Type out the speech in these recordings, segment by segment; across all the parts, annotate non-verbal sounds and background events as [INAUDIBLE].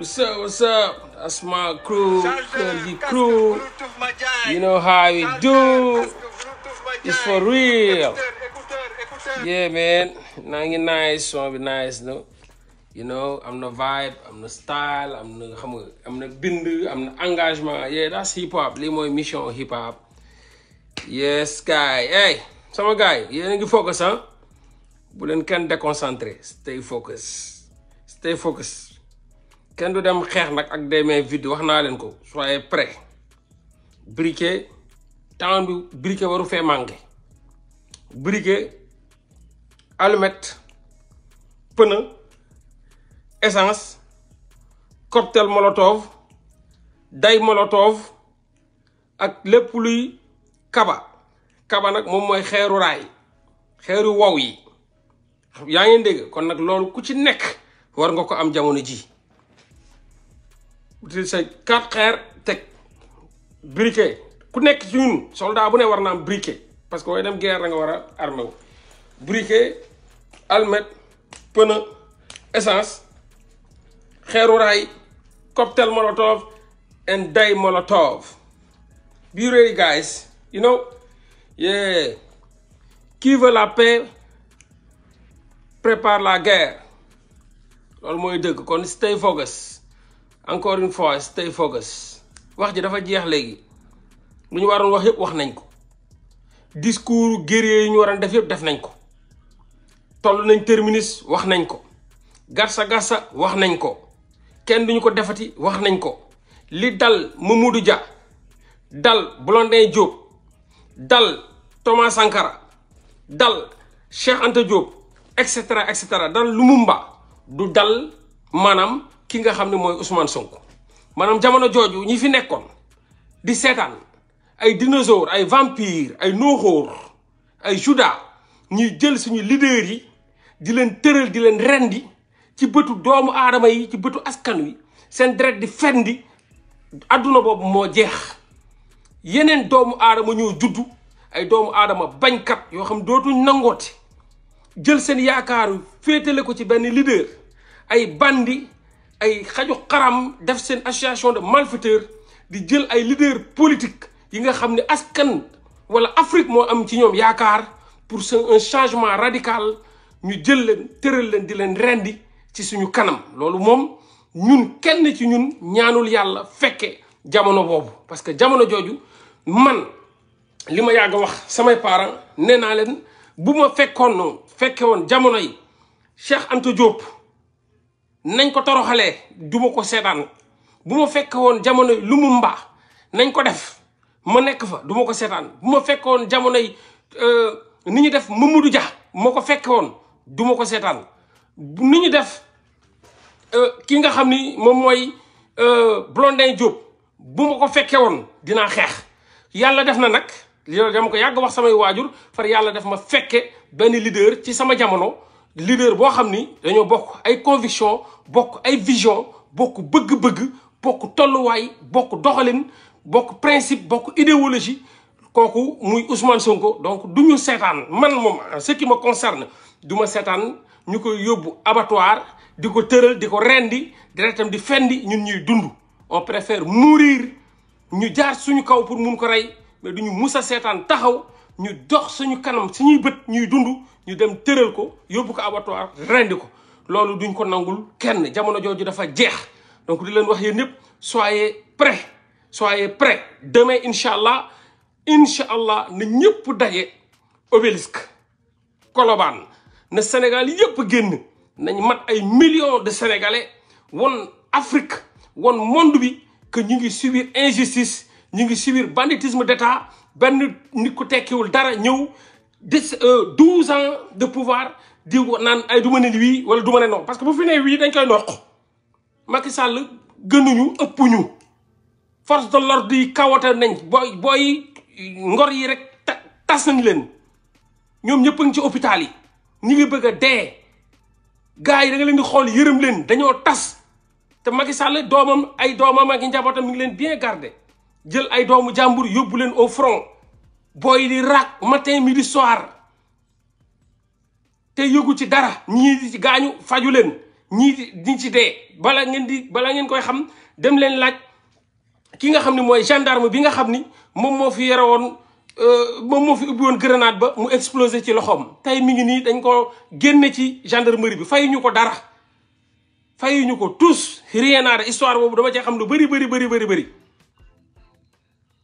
What's up? What's up? That's my crew, Curly Crew. You know how we do. It's for real. Yeah, man. Now you're nice. I be nice, no? You know, I'm the vibe, I'm the style, I'm the I'm am na i am the engagement yeah that's hip hop lii mooy mission hip hop. yes guy. hey some guy. You yéen a ngi focus ah bu can kenn deconcentrate. stay focused. stay focused. kenn du dem xeex nag ak des mains wax naa leen ko soyez prêts briquet temps bi briquet waru fee manqué briquet allumette pneu essence cocktail molotov day molotov ak lépp luy kaba kaba nag moom mooy xeeru raay xeeru wow yi yaa ngeen dégg kon nag loolu ku ci nekk war nga ko am jamono ji util briquet ku nekk ci ñun soldat bu ne war na am briquet parce que way dem guerre da nga war a armé briquet almet pneu essence xeeru raay cocktail molotov and day molotov be ready you know yeah qui veut la paix prépare la guerre loolu mooy dëgg kon stay focus encore une fois stay wax ji dafa jeex léegi lu ñu waroon wax yëpp wax nañ ko discours guerrier yi ñu waroon def yëpp def nañ ko toll nañ terminus wax nañ ko garsa garsa wax nañ ko kenn duñu ko defati wax nañ ko li dal Mamadou ja dal Blondin Diop dal Thomas Sankara dal Cheikh Anta Diop et cetera et cetera dal Lumumba du dal maanaam ki nga xam ne mooy Ousmane sonk maanaam jamono jooju ñi fi nekkoon di seetaan ay dinosaures ay vampire ay nooxóor ay juda ñuy jël suñuy leaders yi di leen tëral di leen rendi ci bëtu doomu aadama yi ci bëtu askan wi seen deret di fendi àdduna boobu moo jeex yeneen doomu aadama ñoo juddu ay doomu aadama bañkat yoo xam dootuñ nangooti jël seen yaakaaru féetale ko ci benn leader ay bandi ay xaju xaram def seen association de malfaiteurs di jël ay leaders politique yi nga xam ne askan wala Afrique moo am ci ñoom yaakaar pour ce un changement radical ñu jël leen tëral leen di leen rendi ci suñu kanam loolu moom ñun kenn ci ñun ñaanul yàlla fekke jamono boobu parce que jamono jooju man li ma yàgg wax samay parents nee naa leen bu ma fekkoon fekke woon jamono yi Cheikh Anta Diop nañ ko toroxalee du ko seetaan bu ma fekkee woon jamono lu mu mbaa nañ ko def ma nekk fa duma ko seetaan bu ma fekk woon jamono yi euh, ni ñu def Mamadou Dia ma ko fekk woon du ma ko seetaan ni ñu def euh, ki nga xam ni moom mooy euh, Blondin Diop bu ma ko fekkee woon dinaa xeex yàlla def na nag loolu dama ko yàgg wax samay waajur far yàlla def ma fekke benn leader ci sama jamono leader bo xamni dañu dañoo bokk ay conviction bokk ay vision bokk bëgg-bëgg bokk way bokk doxalin bokk principe bokk idéologie koku muy Ousmane Sonko donc duñu sétane man mom ce qui me concerne duma sétane seetaan yobbu abattoir diko teurel diko rendi directam di fendi ñun ñuy dund on préfère mourir ñu jaar suñu kaw pour mun ko ray mais duñu musa sétane taxaw ñu dox suñu kanam suñuy bët ñuy dund ñu dem tëral ko yóbbu ko abattoir rendi ko loolu duñ ko nangul kenn jamono jooju dafa jeex donc di leen wax yéen ñëpp soyez prêts soyez prêts demain incha allah incha allah na ñëpp daje obélisque Colobane na Sénégal yëpp génn nañ mat ay millions de sénégalais won Afrique won monde bi que ñu ngi subir injustice ñu ngi subir banditisme d'État benn nit ku tekkiwul dara ñëw dix euh, douze ans de pouvoir di naan ay du ma wii wala du ma ne parce que bu fi ne wii dañ koy noq Macky Sall gënuñu ëppuñu force de l'ordre yi kawata nañ booy boy ngor yi rek tas nañ leen ñoom ñëpp a ngi ci hôpital yi ñu ngi bëgg a dee gars yi da leen di xool yërëm leen dañoo tas te Macky Sall doomam ay doomam ak njabootam mi ngi leen bien garde jël ay doomu jàmbur yóbbu leen au front booy di raak matin midi soir te yëgu ci dara ñii di ci gaañu faju leen ñii di ci dee bala ngeen di bala ngeen koy xam dem leen laaj ki nga xam ni mooy gendarme bi nga xam ni moom moo fi yore woon euh, moom moo fi ubbi woon grenade ba mu explosé ci loxoom. tey mi ngi nii dañ ko génne ci gendarmerie bi fay ñu ko dara fayuñu ko tous rien à histoire boobu dama cee xam lu bari bëri bari bëri bëri.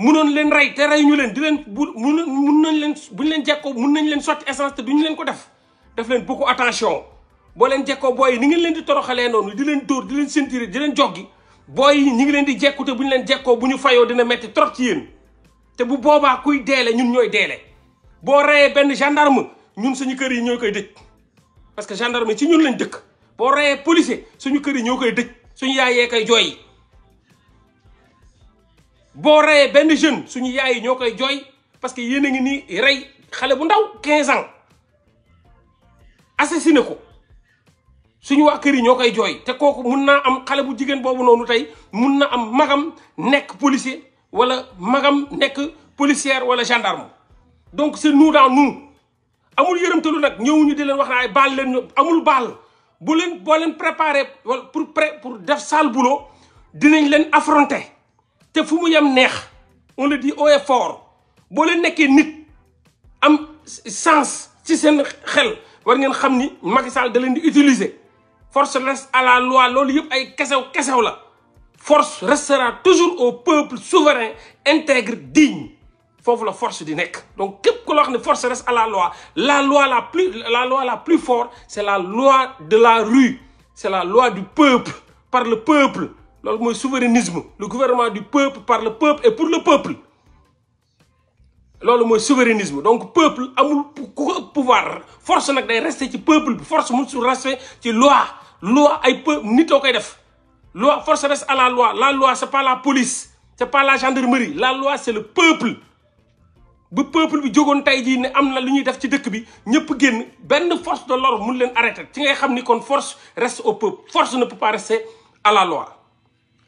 munoon leen rey te rey ñu leen di leen bu mun nañ leen bu ñu leen jekkoo mun nañ leen sotti essence te duñu leen ko def def leen beaucoup attention boo leen jekkoo booy ni ngeen leen di toroxalee noonu di leen dóor di leen sentir di leen joggi booy yi ñi ngi leen di jekku bu ñu leen jekkoo bu ñu fayoo dina metti trop ci yéen te bu boobaa kuy deele ñun ñooy deele boo reyee benn gendarme ñun suñu kër yi ñoo koy dëj parce que gendarme ci ñun lañ dëkk boo reyee policier suñu kër yi ñoo koy dëj suñu yaayee koy jooy Boré ben jeune suñu yaay ñokay joy parce que yéne ngi ni ray xalé bu ndaw 15 ans assassiné ko suñu waa kër yi joy, am xalé bu bobu nonu tay mën na am magam nek policier wala magam nek policière wala gendarme donc c'est nous dans nous amul nak nag ñu di leen wax ay leen amul bal, bu leen leen pour pré pour def sale boulot dinañ leen affronter te on le dit haut et fort Si leen nekkee nit am sens ci sen xel war ngeen xam ni Macky Sall da leen di utiliser force reste à la loi lolou ay kessaw la force restera toujours au peuple souverain intègre digne fofu la force di nekk donc kep ko la force reste à la loi la loi la plus la loi la plus forte c'est la loi de la rue c'est la loi du peuple par le peuple c'est le souverainisme le gouvernement du peuple par le peuple et pour le peuple C'est le souverainisme donc peuple amul pouvoir force nag day rester ci peuple bi force mu su rester ci loi loi ay peu ni koy def loi force reste à la loi la loi c'est pas la police c'est pas la gendarmerie la loi c'est le peuple le peuple bi jógoon tey jii ne am na lu ñuy def ci dëkk bi ñëpp génn benn force de l'ordre mun leen arrêter ci ngay force reste au peuple force ne peut pas rester à la loi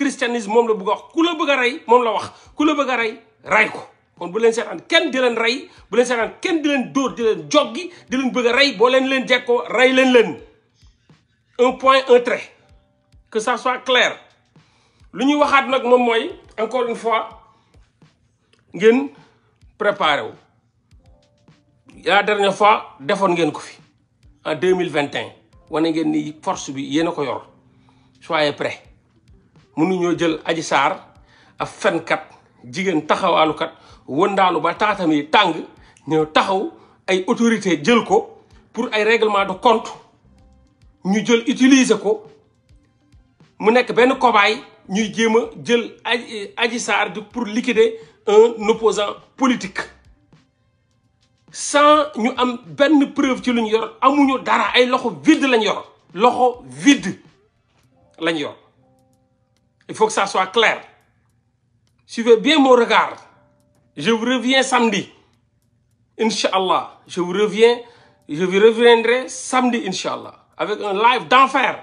christianisme mom la bëgg wax bëgg la wax bëgg ko bu kenn di bu kenn di di joggi di bëgg un point un trait que ça soit clair lu ñuy waxaat nag moom encore une fois ngeen préparé wu la dernière fois defoon ngeen ko en 2021. de force bi ko soyez prêts mënuñoo jël aji saar ab fenkat jigéen taxawaalukat wëndaalu ba taatam tàng ñëw taxaw ay autorité jël ko pour ay règlement de compte ñu jël utiliser ko mu nekk benn cobaye ñuy jéem a jël aji saar di pour liquider un opposant politique sans ñu am benn preuve ci lu ñu yor amuñu dara ay loxo vide lañ yor loxo vide lañ yor Il faut que ça soit clair. Suivez bien mon regard. Je vous reviens samedi. Inch'Allah. Je vous reviens. Je vous reviendrai samedi, Inch'Allah. Avec un live d'enfer.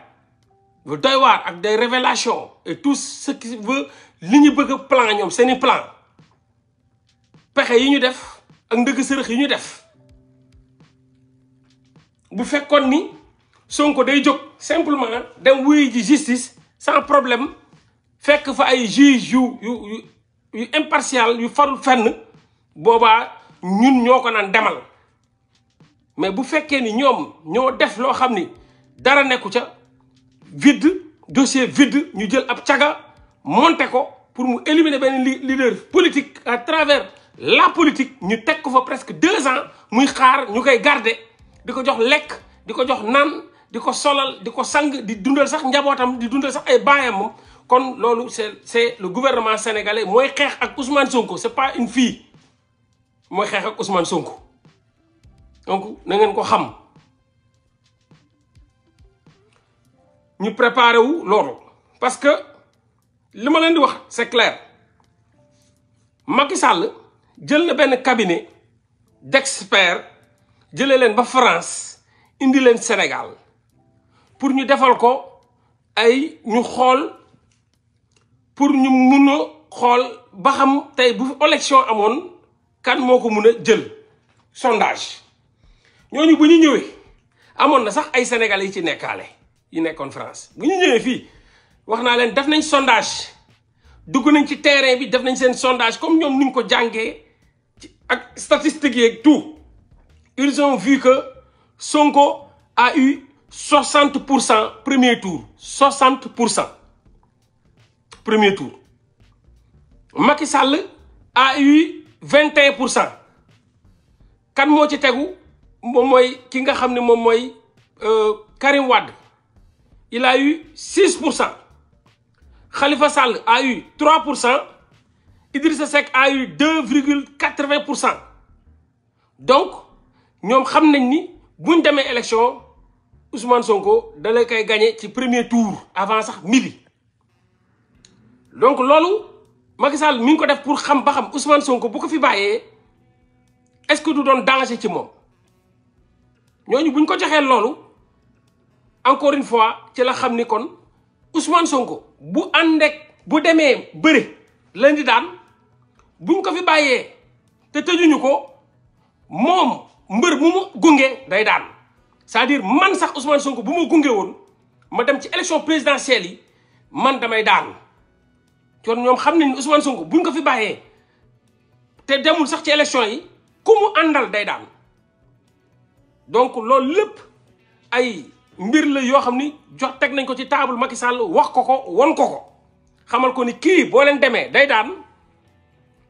Vous devez voir avec des révélations. Et tout ce qui veut. Ligne plan, c'est un plan. pexe yi ñu def ak ndëgg sërëx yi ñu def bu fekkoon ni Sonko day jóg simplement dem oui ji justice sans problème fait fa ay juge yu yu impartial yu farul fenn boba, mais si ni des def lo xamni dara vide dossier vide ñu jël ab tiaga pour mu éliminer les leader politique à travers la politique ñu tek presque deux ans muy xaar ñukay garder des jox lek diko jox solal la sang di dundal sax njabotam di dundal sax ay kon loolu c'est le gouvernement sénégalais moy xex ak Ousmane Sonko c'est pas une fille Moy xex ak Ousmane Sonko donc na ngeen ko xam ñu préparé wu parce que lima ma leen di wax c'est clair Macky Sall jël na ben cabinet d'experts, jëlé jëlee leen ba France indi leen Sénégal pour ñu défal ko ay ñu xol pour ñu mun a xool ba xam tey bu élection amone kan moko mëna jël sondage ñooñu bu ñu ñëwé amone na sax ay sénégalais yi ci nekkaale yi nekkoon France bu ñu ñëwé fi wax naa leen def nañ sondage dugg nañ ci terrain bi def nañ seen sondage comme ñom ni ñu ko jàngee ci ak statistique yeeg tout ils ont vu que Sonko a eu 60 premier tour 60 premier tour. Macky Sall a eu 21%. Kan mo ci karimwad euh, Karim Wad. Il a eu 6%. Khalifa Sall a eu 3%. Idrissa Seck a eu 2,80%. Donc ñom xamnañ ni buñ démé élection Ousmane Sonko a kay gagner ci premier tour avant sax Mili. donc loolu Macky Sall mi ngi ko def pour xam ba xam Ousmane Sonko bu ko fi bàyyee est-ce que du doon danger ci moom ñooñu buñ ko joxee loolu encore une fois ci la xam ni kon Ousmane Sonko bu àndeek bu demee bëri leen di daan buñ ko fi bàyyee te tëjuñu ko moom mbër bu mu gunge day daan cest à man sax Ousmane Sonko bu ma gunge woon ma dem ci élection présidentielle yi man damay daan kon ñom xamni Ousmane Sonko buñ ko fi bàyyee te demul sax ci élection yi ku mu àndal day daan donc lool lepp ay mbir la yo xamni jox tek nañ ko ci table Macky Sall wax ko ko won ko ko xamal ko ni ki bo leen démé day daan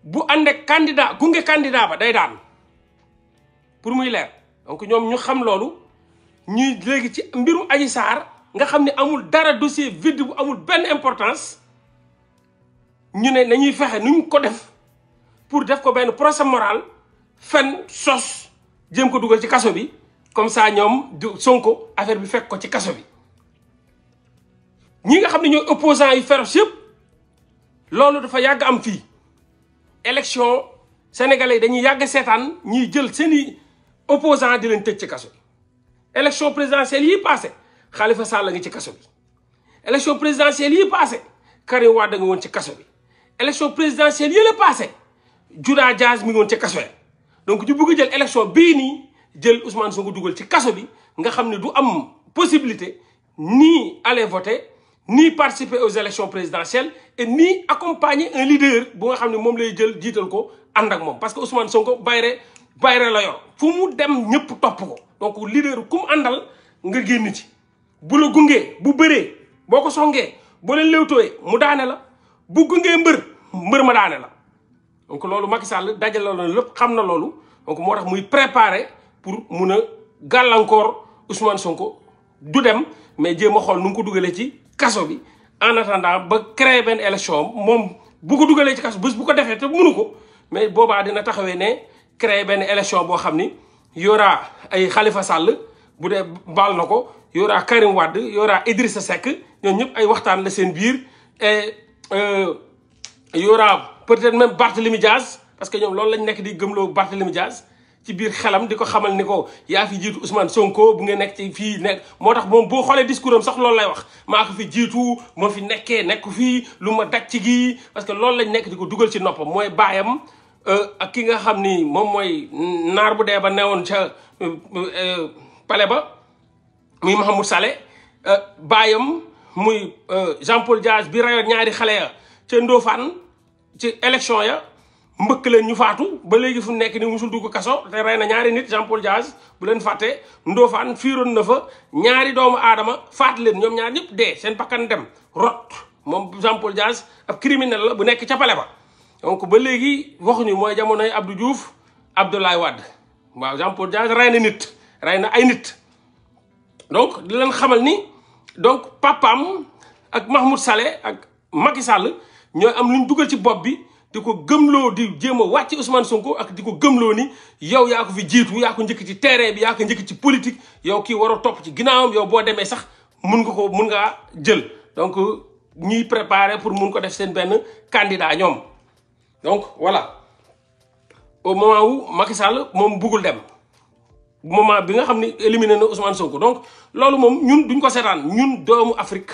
bu àndee candidat nge candidat ba day daan pour muy lèr donc ñom ñu xam loolu ñi légui ci mbiru Adji Sarr nga xamni amul dara dossier vide bu amul ben importance Nous avons fait nuñ ko def pour def ko benn procès moral fen sos jëm ko ci bi comme ça ñom Sonko affaire bi fekk ko ci kasso bi ñi nga xamni ñoy opposants yi féroce yëpp loolu dafa yag am fi élection sénégalais dañuy yag seetaan ñi jël seeni opposants di leen tecc ci kasso élection présidentielle yi passé Khalifa Sall la ci kasso élection présidentielle yi passé Karim Wade nga won ci élection présidentielle est passé Jura Diaz mi ngi woon donc du bëgg a jël élection bii jël Ousmane Sonko dugal ci kaso bi nga xam ne du am possibilité ni aller voter ni participer aux élections présidentielles et ni accompagner un leader bu nga xam ne moom lay jël jiital ko ak parce que Ousmane Sonko bayre bayre la yor fu mu dem ñëpp topp ko donc leader ku andal, àndal nga génn ci bu la gungee bu bëree boo ko songee boo mu daane bu gungee mbër mbër ma daane la donc loolu Macky sàll dajale loolu lépp xam na loolu donc moo tax muy préparé pour mun a gàllankoor Ousmane Sonko du dem mais jéem a xool nu mu ko dugalee ci kaso bi en ba créer benn élection moom bu ko dugalee ci kaso bés bu ko defee te mënu ko mais boobaa dina taxawee ne créer benn élection boo xam ni yoraa ay xalifa Sall bu dee baal na ko yoraa Karim Wade yoraa Idrissa Seck ñoom ñëpp ay waxtaan la seen biir Euh, y aura peut-être même Barthélemy Diaz parce que ñoom loolu lañ nekk di gëmloo Barthélemy Diaz ci biir xelam di ko xamal ni ko yaa fi jiitu Ousmane Sonko bu nga nekk ci fii nekk moo tax moom boo xoolee discours am sax loolu lay wax maa ko fi jiitu moo fi nekkee nekku fii lu ma daj ci gii parce que loolu lañ nekk di ko dugal ci noppam mooy baayam euh, ak ki nga xam ni moom mooy naar bu dee ba newoon ca euh, pale ba muy Mahmoud Saleh baayam muy euh, Jean Paul Diaz bi rayoon ñaari xale ya ca ndoofaan ci élection ya mbëkk leen ñu faatu ba léegi fu nekk ni musul dugg kaso te rey na ñaari nit Jean Paul Diaz bu leen fàtte Ndofane fiiroon na fa ñaari doomu aadama faat leen ñoom ñaar ñëpp dee seen bakkan dem rot moom Jean Paul Diaz ab criminel la bu nekk ca pale ba donc ba léegi waxuñu mooy jamonoy Abdou Diouf Abdoulaye Wade waaw Jean Paul Diaz rey na nit rey na ay nit donc di leen xamal ni donc papaam ak Mahmoud Saleh ak Macky Sall ñooy am lu ñu dugal ci bopp bi di ko gëmloo di jéem a wàcc Ousmane Sonko ak di ko gëmloo ni yow yaa ko fi jiitu yaa ko njëkk ci terrain bi yaa ko njëkk ci politique yow kii war a topp ci ginnaawam yow boo demee sax mun nga ko mun ngaa jël donc ñuy préparer pour mun ko def seen benn candidat ñoom donc voilà au moment où Macky Sall moom buggul dem. moment bi nga xam ne éliminé na Ousmane Sonko donc loolu moom ñun duñ ko seetaan ñun doomu Afrique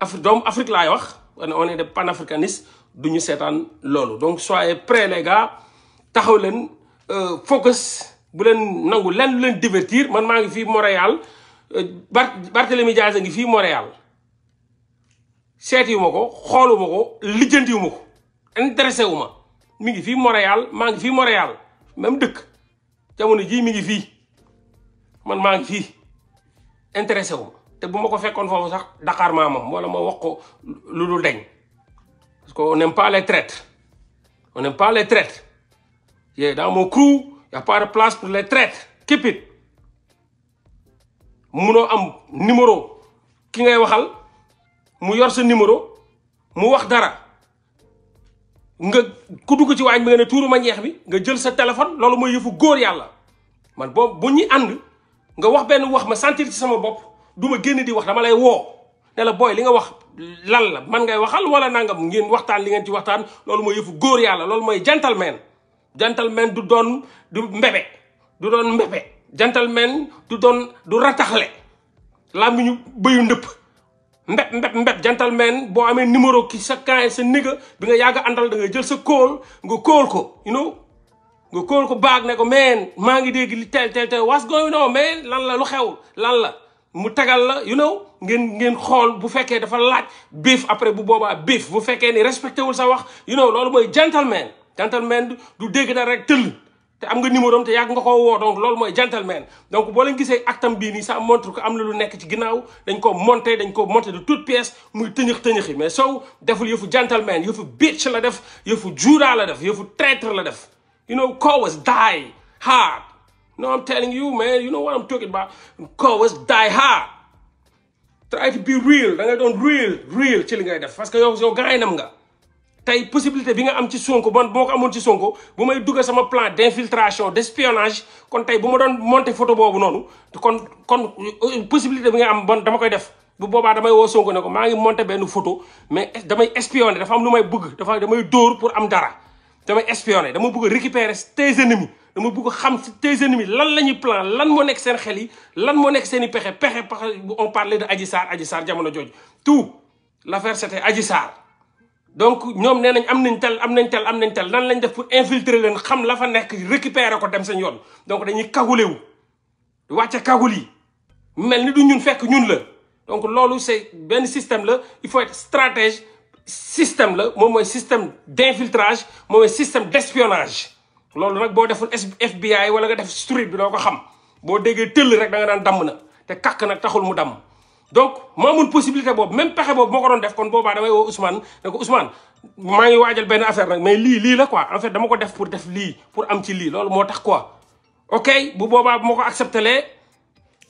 Afrique doomu Afrique laay wax on est des panafricanistes duñu seetaan loolu donc soyez prêts les gars taxaw leen euh, focus bu leen nangu leen lu leen divertir man maa ngi fii Montréal euh, Bart Barthélémy Diaz a ngi fii Montréal seeti wu ko xooluma ko lijjanti ko intéressé wu ma mi ngi fii Montréal maa ngi fii Montréal même dëkk jamono jii mi ngi fii. man maa ngi fii intéressé wu te bu ma ko fekkoon foofu sax Dakar maa moom wala ma wax ko lu dul deñ parce que on n'aime pas les traites on n'aime pas les traites yee dans mon crew y a pas de place pour les traites keep it munoo am numéro ki ngay waxal mu yor sa numéro mu wax dara nga ku dugg ci waañ bi nga ne tuuru ma ñeex bi nga jël sa téléphone loolu mooy yëfu góor yàlla man boobu bu ñuy ànd nga wax ben wax ma sentir ci sama bop duma genn di wax dama lay wo ne la boy li nga wax lan la man ngay waxal wala nangam ngeen waxtan li ngeen ci waxtan lolou moy yefu gor yalla lolou moy gentleman gentleman du don du mbebe du don mbebe gentleman du don du rataxle làmmiñu bëyu ndep mbet gentleman bo amé numéro ki sa kaay sa nigga bi nga yaga andal da nga jël sa call nga call ko you know nga kóol ko baag ne ko man maa ngi dégg li tel tel tel was going on mais lan la lu xew lan la mu tagal la you know ngeen ngeen xool bu fekkee dafa laaj biif après bu boobaa biif bu fekkee ni respecté wul sa wax you know loolu mooy gentleman gentleman du dégg na rek tëll te am nga numéro am te yàgg nga koo woo donc loolu mooy gentleman donc boo leen gisee actam bii nii ça montre que am la lu nekk ci ginnaaw dañ ko monté dañ ko monté de toute pièce muy tëñëx tëñëxi mais Sow deful yëfu gentleman yëfu bitch la def yëfu juudaa la def yëfu traître la def You know, cowards die hard. No, I'm telling you, man, you know what I'm talking about. Cowards die hard. try to be real da doon real real ci li ngay def parce que yow yow gaay nam nga tey possibilité bi nga am ci Sonko man boo amoon ci Sonko bu may dugg sama plan d'infiltration d'espionnage kon tey bu ma doon monter photo boobu noonu kon kon euh, possibilité bi nga am bon dama koy def bu boobaa damay woo Sonko ne ko maa ngi monter benn photo mais damay espionner dafa am lu may bugg dafa damay door pour am dara damay espionner dama bëgg récupérer tes ennemis dama bëgg xam si tes ennemis lan la plan lan moo nekk seen xel lan moo nekk seen i pexe pexe on parlait de Adji Sarr Adji Sarr jamono jooju tout l'affaire c'était Adji Sarr donc ñoom nee am nañ tel am nañ tel am nañ tel lan lañ def pour infiltrer leen xam la fa nekk récupérer ko dem seen yoon donc dañuy kagule wu wàcce kagul yi mel ni du ñun fekk ñun la donc loolu c'est benn système la il faut être stratège système la moom mooy système d'infiltrage moom mooy système d'espionnage lolou nak bo deful FBI wala nga def street bi doo ko xam bo déggee teul rek da nga naan damm na te kàkk nag taxul mu dam donc moo amoon possibilité bob même pexé bob moko don def kon boobaa damay wo Ousmane ne ko Ousmane ma ngi wadjal ben affaire nak mais li li la quoi en fait dama ko def pour def li pour am ci li lolou motax quoi ok bu boba moko accepter ko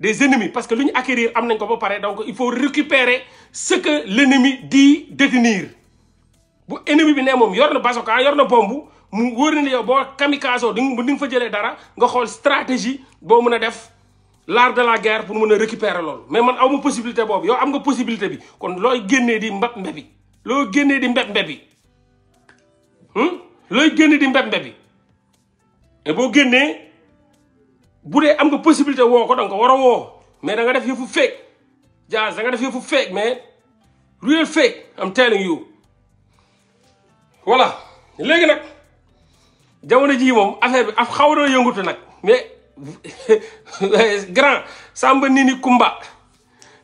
des ennemis parce que lu ñu acquérir am nañ ko ba pare donc il faut récupérer ce que l'ennemi dit détenir bu ennemi bi ne moom yor na bazoka yor na bombu mu wóor na yow kamikaze di nga fa jëlee dara nga xool stratégie boo mën a def l'art de la guerre pour mën récupérer loolu mais man aw possibilité boobu yow am nga possibilité bi kon l'oy génnee di mbeb mbebi loo génnee di mbeb mbebi looy génnee di mbeb mbebi hmm? mais boo génnee bu dee am nga possibilité woo ko danga ko war a woo mais da nga def yëfu fake Diaz da danga def yëfu fake mais real fake I'm telling you voilà léegi nag jamono jii moom affaire bi af xaw na yëngutu nag mais [LAUGHS] grand Samba Nini Kumba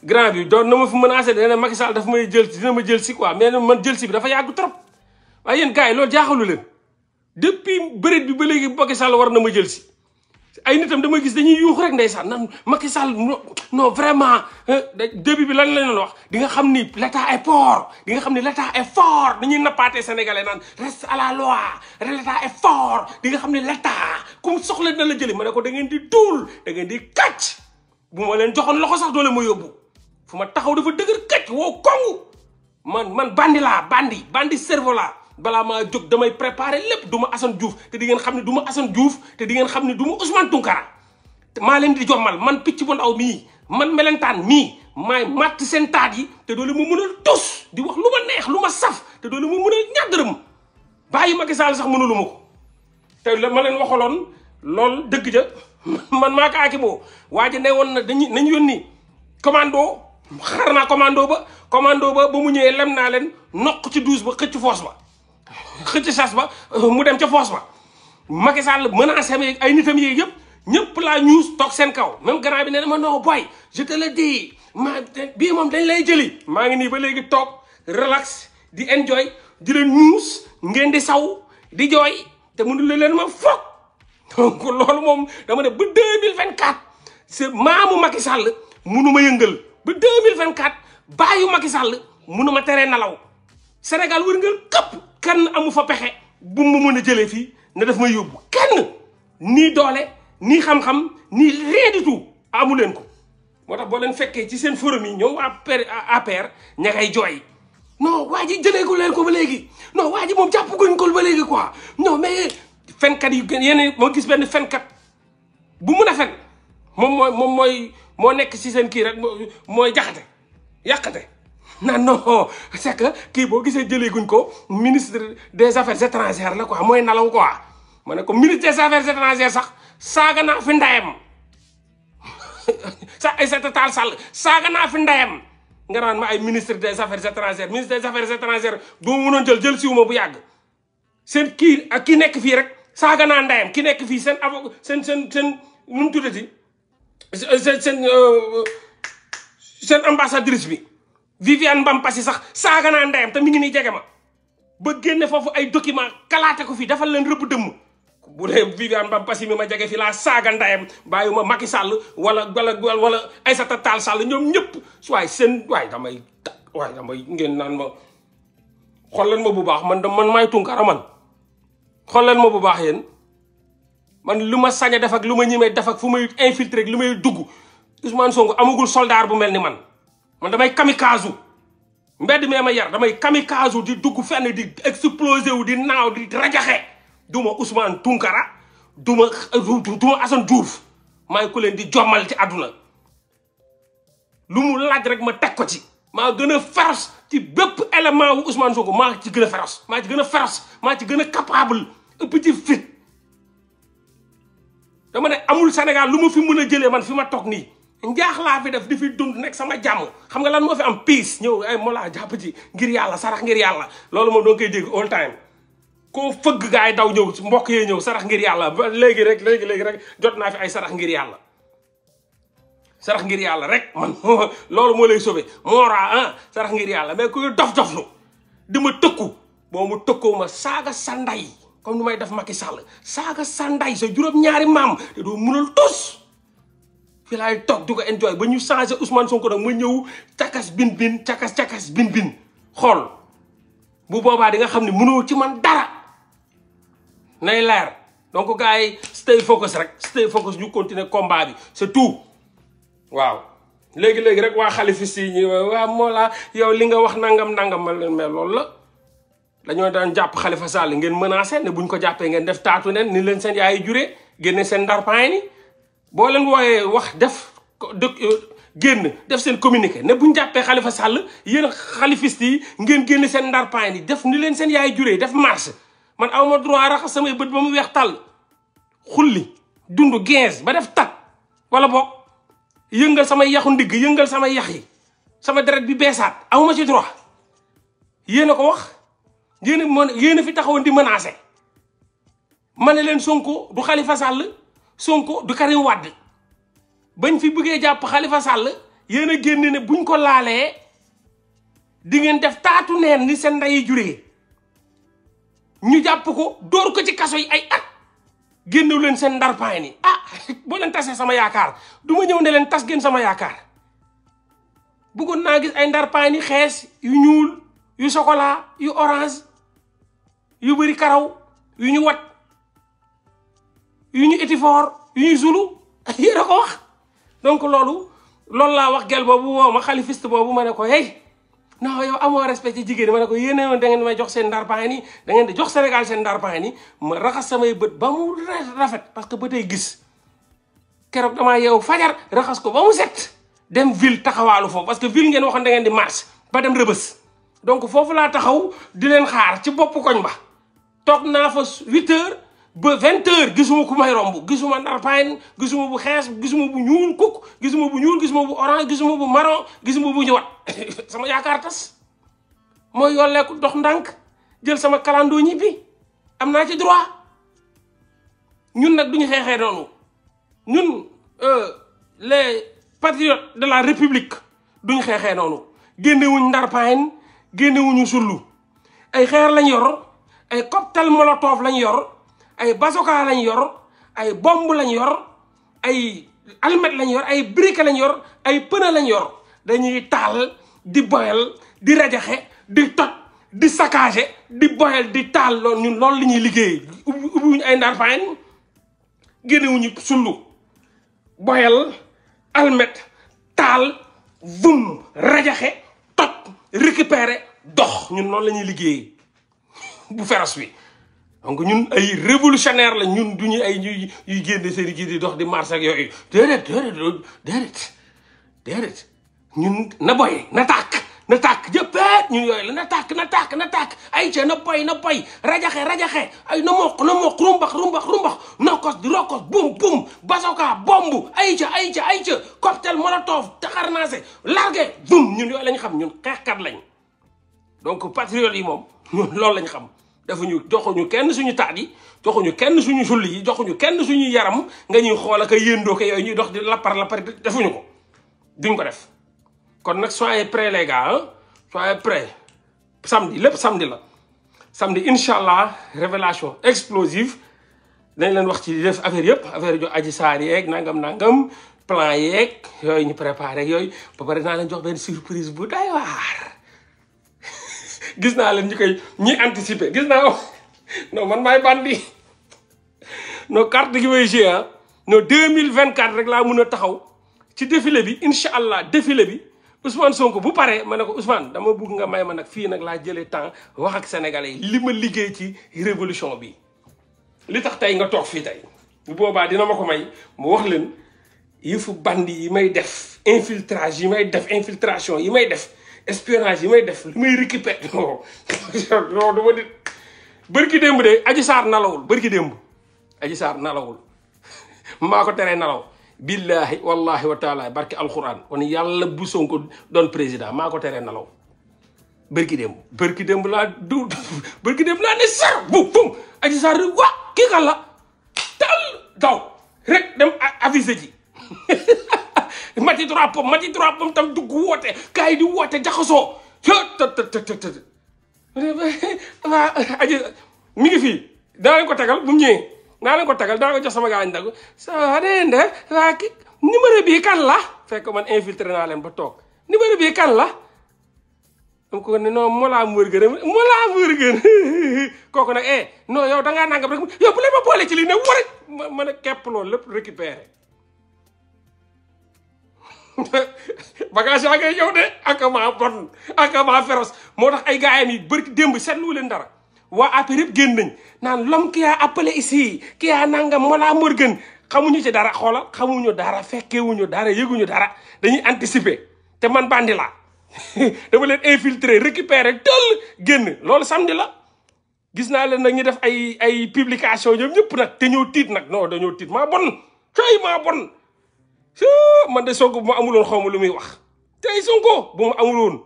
grand bi doon na ma fi menacé nee na Macky Sall dafa may jël dina ma jël si mais na man jël si bi dafa yàgg trop waaye yéen gars yi loolu jaaxalu leen depuis bëreet bi ba léegi Macky Sall war na ma jël si. ay nitam damay gis dañuy yuux rek ndeysaan nan Macky Sall non vraiment début bi lan la leen wax di nga xam ni l'état est fort di nga xam ni l'état est fort dañuy nappaatee sénégalais naan la loi l'état est fort di nga xam ni l'état comme soxla na la jëlee ma ne ko da ngeen di duul da ngeen di kàcc bu ma leen joxoon loxo sax doole moo yóbbu fu ma taxaw dafa dëgër kàcc woo kongu man man bandi laa bandi bandi cerveau laa balaa maa jóg damay préparer lépp du ma Assane Diouf te di ngeen xam ne du ma Assane Diouf te di ngeen xam ne du ma Ousmane Tounkara maa leen di jommal man picc bu ndaw mii man melentaan mii maay màtt seen taat yi te doole ma mënal tus di wax lu ma neex lu ma saf te doole ma mënal ñàddërëm bàyyi Macky Sall sax mënulu ma ko te la ma leen waxaloon lool dëgg ja [LAUGHS] man maa ko aaki boo waa ji ne woon na dañu nañ yónni commando xar naa commando ba commando ba ba mu ñëwee lem naa leen noq ci douze ba xëcc force ba xëcc sas ba euh, mu dem ca foos ba mën a menacé meeg ay nitam yeeg yëpp ñëpp laa ñuus toog seen kaw même grand bi ne dama non boy je te le dis ma bii moom dañ lay jëli maa ngi nii ba léegi toog relax di enjoy di leen ñuus ngeen di saw di jooy te mënu leen ma foog donc loolu moom dama ne ba 2024 c'est maamu Macky Sall munu ma yëngal ba 2024 bàyyu Macky Sall munu ma teree nalaw Sénégal wërngal këpp kenn amu fa pexe bu mu mën a jëlee fii ne daf may yóbbu kenn nii doole nii xam-xam nii rien du amu leen ko. moo tax boo leen fekkee ci seen forum yi ñëw APR APR ña ngay jooy non waa ji jëlee ko leen ko ba léegi non waa ji moom jàppaguñ ko ba léegi quoi non mais. fenkat yu gën yéen moo gis benn fenkat bu mun a fen moom mooy moom mooy moo nekk ci seen kii rek mooy jaxate yàqate. non non c' est que kii boo gisee jëlee ko ministre des affaires étrangères la ko mooy nalaw quoi ma ko ministre des affaires étrangères sax saaga naa fi ndayam [LAUGHS] sa Aïssata Tall Sall saaga naa fi ndayam nga naan ma ay ministre des affaires étrangères ministre des affaires étrangères bu ma mënoon jël jël siwuma bu yàgg sen kii ak ki nekk fii rek saaga naa ndayam ki nekk fii seen avocat seen seen seen nu mu tuddati seen seen euh, seen ambassadrice bi. Vivian Mbampasi sax saga na ndayam te mi ngi ni jege ma ba génne fofu ay document ko fi dafal reub deum bu mi ma fi la saga ndayam bayuma Macky Sall wala wala wala Aïssata Tall Sall ñom ñëpp way sen way damay way damay ngeen nan ma xol leen ma bu baax man da man maay Tunkara man xol leen ma bu baax yeen man luma ma def ak luma ñimé def ak fumay infiltré ak dugg Ousmane Sonko amugul soldat bu mel man man damay kamikaasu mbedd mee ma yar damay kamikaasu di dugg fenn di explosé wu di naaw di rajaxe duma Ousmane Tunkara duma duma Assane Diouf maay ku leen di jommal ci àdduna lu mu laaj rek ma teg ko ci maa gën a féroce ci bëpp élément wu Ousmane Sonko maa ci gën a féroce maa ci gën a féroce maa ci gën a capable ëpp ci fit dama ne amul Sénégal lu ma fi mën a jëlee man fi ma toog nii njaax laa fi def di fi dund nekk sama jàmm xam nga lan moo fi am peace ñëw ay moo laa jàpp ci ngir yàlla sarax ngir yàlla loolu moo doo koy dégg all time koo fëgg gaa yi daw ñëw mbokk yee ñëw sarax ngir yàlla ba léegi rek léegi léegi rek jot naa fi ay sarax ngir yàlla sarax ngir yàlla rek man [LAUGHS] loolu moo lay sauvé mooraa ah sarax ngir yàlla mais kuy dof-doflu di ma tëkku boo mu tëkkoo ma saaga sa ndey comme nu may def Macky Sall saaga sa ndey sa juróom-ñaari maam te doo fi tok toog ko enjoy ba ñu changer Ousmane Sonko nak ma ñew cakas bin bin cakas cakas bin bin xol bu boba di nga xamni ne ci man dara nay lèr donc gaay stay focus rek stay focus ñu continuer combat bi c'est tout waaw légui légui rek waa xalifis yi ñu waa Mollah yow li nga wax nangam nangam ma leen mel lool la dañu daan japp Khalifa Sall ngeen menacer ne buñ ko jappé ngeen def taatu ne ni leen seen yaay juree génne seen ndarpaay ni boo leen wah wax def genn def sen communiqué ne buñ jappé khalifa sall yeen khalifisti ngeen genn sen ndar pain ni def ni len sen yaay juré def marche man awma droit rax samay beut ba mu tal khulli dundu dund ba def tak wala bok yeungal sama yaxu ndig yeungal sama yax sama deret bi bessat awma ci droit yeen ko wax yeen yeen fi taxawoon di menacer mané len Sonko du khalifa sall Sonko du Karim Wade bañ fi bëggee jàpp xalifa sàll yéen a génn ne buñ ko laalee di ngeen def taatu neen ni seen ndeyi juree ñu jàpp ko dóor ko ci kaso yi ay at génnew leen seen ndarpaay ni ah [LAUGHS] boo leen tasee sama yaakaar du ma ñëw ne leen tas ngeen sama yaakaar bëggoon naa gis ay ndarpaay ni xees yu ñuul yu chocolat yu orange yu bëri karaw yu ñu wat yu ñu étifor yu ñu zulu [LAUGHS] yéen ko wax donc loolu loolu laa wax gel boobu woo ma xalifiste boobu ma ne ko hey non yow amoo respecté jigéen ma ne ko yéen a da ngeen may jox seen ndarpaan yi da ngeen di jox Sénégal seen ndarpaan yi ma raxas samay bët ba mu rafet parce que ba tey gis keroog damaa yeewu fajar raxas ko ba mu set dem ville taxawaalu foofu parce que ville ngeen waxoon da ngeen di marche ba dem rëbës donc foofu laa taxaw di leen xaar ci bopp koñ ba ba vingt gisuma ku may romb gisuma ndarpaayin gisuma bu xees gisuma bu ñuul kuk gisuma bu ñuul gisuma bu orange gisuma bu marron gisuma bu ñëwaat [LAUGHS] sama yaakaar tas mooy yolleeku dox ndànk jël sama kalandoo ñibbi am naa ci droit ñun nag duñu xeexee noonu ñun euh, les patriotes de la république duñu xeexee noonu génnewuñ ndarpaayin génnewuñu sullu ay xeer lañ yor ay cocktail molotov lañ yor ay basoka lañ yor ay bomb lañ yor ay almet lañ yor ay brique lañ yor ay pëna lañ yor dañuy taal di boyal di rajaxe di toj di saccagé di boyal di taal loolu ñun loolu la ñuy liggéey ubbiwuñu ay ndaar fayen génnewuñu sullu boyal almet taal vum rajaxe toj récupéré dox ñun loolu la ñuy liggéey [LAUGHS] bu feras wi donc ñun ay révolutionnaire la ñun duñu ay ñuy yu génne seen gi di dox di mars ak yoy dédé dédé dédé dédé ñun na boy na tak na tak jëppeet ñun yoy la na tak na tak na tak ay ci na boy na boy rajaxé rajaxé ay na mok na mok rumbax rumbax rumbax kos di rokos bum bum basoka bombu ay ci ay ci ay ci cocktail molotov taxarnaase largué bum ñun yoy lañ xam ñun kat lañ donc patriote yi mom ñun lool lañ xam defuñu joxuñu kenn suñu tadi yi joxuñu kenn suñu julli yi joxuñu kenn suñu yaram nga ñuy xol ak yendo yëndoo yoy ñuy dox di lapar lapar defuñu ko duñ ko def kon nak soyez prêt les gars soyez prêt samedi lepp samedi la samedi inshallah allah révélation explosive dañ leen wax ci def affaire yépp affaire jo aji sar yeeg nangam nangam plan yeeg yoy ñu préparer yoy ba bari na leen jox ben surprise bu waar gis naa leen ñu koy ñuy anticiper gis naa [LAUGHS] non man maay bandi non carte gi may jouer ah deux mille vingt quatre rek laa mun a taxaw ci défilé bi incha allah défilé bi Ousmane Sonko bu paree ma ne ko Ousmane dama bëgg nga may ma nag fii nag laa jëlee temps wax ak sénégalais yi li ma liggéey ci révolution bi li tax tey nga toog fii tey bu boobaa dina ma ko may mu wax leen yëfu bandi yi may def infiltrage yi may def infiltration yi may def espionnage yi may def li may récupérer [LAUGHS] non non dama nit bërki démb de aji saar nalawul bërki démb aji saar nalawul [LAUGHS] maa ko teree nalaw billaahi wallahi wa taala barke alquran kon yàlla bu Sonko président maa teree nalaw bërki démb bërki [LAUGHS] démb laa ne sar bum bum aji saar wa kii kan la tal rek dem avisé ji mati droit pom mati droit pom tam dugg woote gars di woote jaxasoo tëtëtëtëtë [LAUGHS] aji mi ngi fi daa leen ko tagal bu mu ñëwee daa leen ko tagal daa ko jox sama gaañ ndagu la fekk man infiltré naa leen ba toog numéro bii kan la am ko ne non Mollah Morgun Mollah Morgun [LAUGHS] kooku nag eh non yow da ngaa nangam rek yow bu leen ma boole ci lii ne war a mën a képp loolu lépp récupéré bagage yaa ngay yow de ak maa bon ak maa féroce moo tax ay gaayam yi bërki démb seetlu leen dara waa APR génn nañ naan l'homme qui a appelé ici qui a nangam Mollah Morgun xamuñu ci dara xoolal xamuñu dara fekkewuñu dara yëguñu dara dañuy anticiper te man bandi laa [LAUGHS] dama leen infiltrer récupérer tëll génn loolu samedi la gis naa leen nag ñu def ay ay publication ñoom ñëpp nag te ñoo tiit nag non dañoo tiit maa bon coy maa bon man de Sonko bu ma amuloon xaw muy wax tey Sonko bu ma amuloon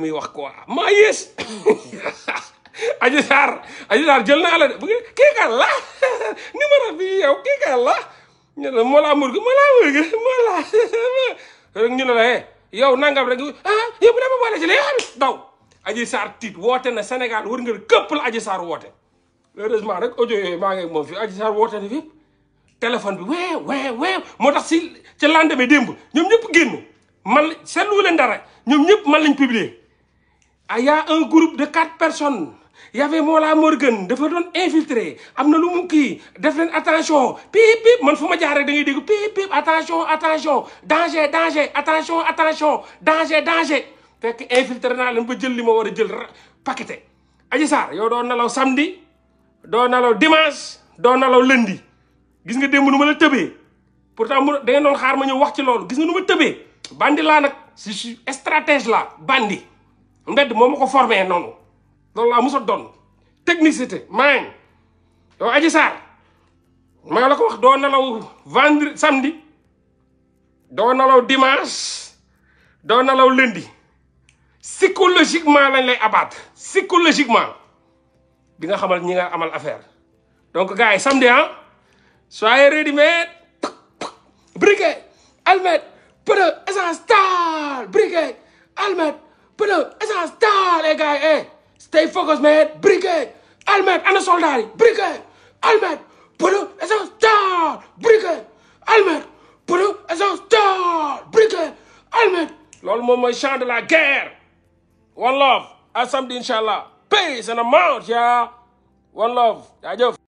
muy wax quoi maa yees [LAUGHS] Adji Sarr Adji Sarr jël naa la de bu ngeen kii kan la [LAUGHS] numéro bi yow ñu ne Mollah Morgun Mollah [LAUGHS] eh, yow nangam rek ah yow bu dee ba boole ci léegi xam daw Adji Sarr tiit woote na Sénégal wër ngeen këpp la Adji Sarr woote heureusement rek audio yooyu maa ngi moom fii Adji Sarr woote na fii. téléphone bi wee wee wee moo tax si ca lendemain démb ñoom ñëpp génn man seetlu leen dara ñoom ñëpp man lañ publier. ah a un groupe de quatre personnes y avait Mollah Morgun dafa doon infiltré am na lu mu kii def leen attention piip piip man fo ma jaaree da ngay dégg piip piip attention attention danger danger attention attention danger danger fekk infiltre naa leen ba jël li ma war a jël paqueté Adji Sarr yow doo nelaw samedi doo nelaw dimanche doo nelaw lundi gis nga démb nu la tebe pourtant mu da ngeen doon xaar ma ñëw wax ci loolu gis nga nu tebe bandi la nak ci stratège la bandi mbedd moma ko formé noonu loolu la musa don technicité mañ yow aji Sarr ma la ko wax doo nelaw vendredi samedi doo nelaw dimanche doo nelaw lundi psychologiquement lañ lay abattre psychologiquement bi nga xamal ñi nga amal affaire donc gars yi samedi hein So I ready man brigade up as a star. brigade almet pneu essence taal les gars eh stay focused, man brigade almet and soldat soldier. brigade up as a star. brigade up as a star. brigade almet loolu my mooy chant de la guerre one love à samedi incha allah peace and amount yeah. one love jaajëf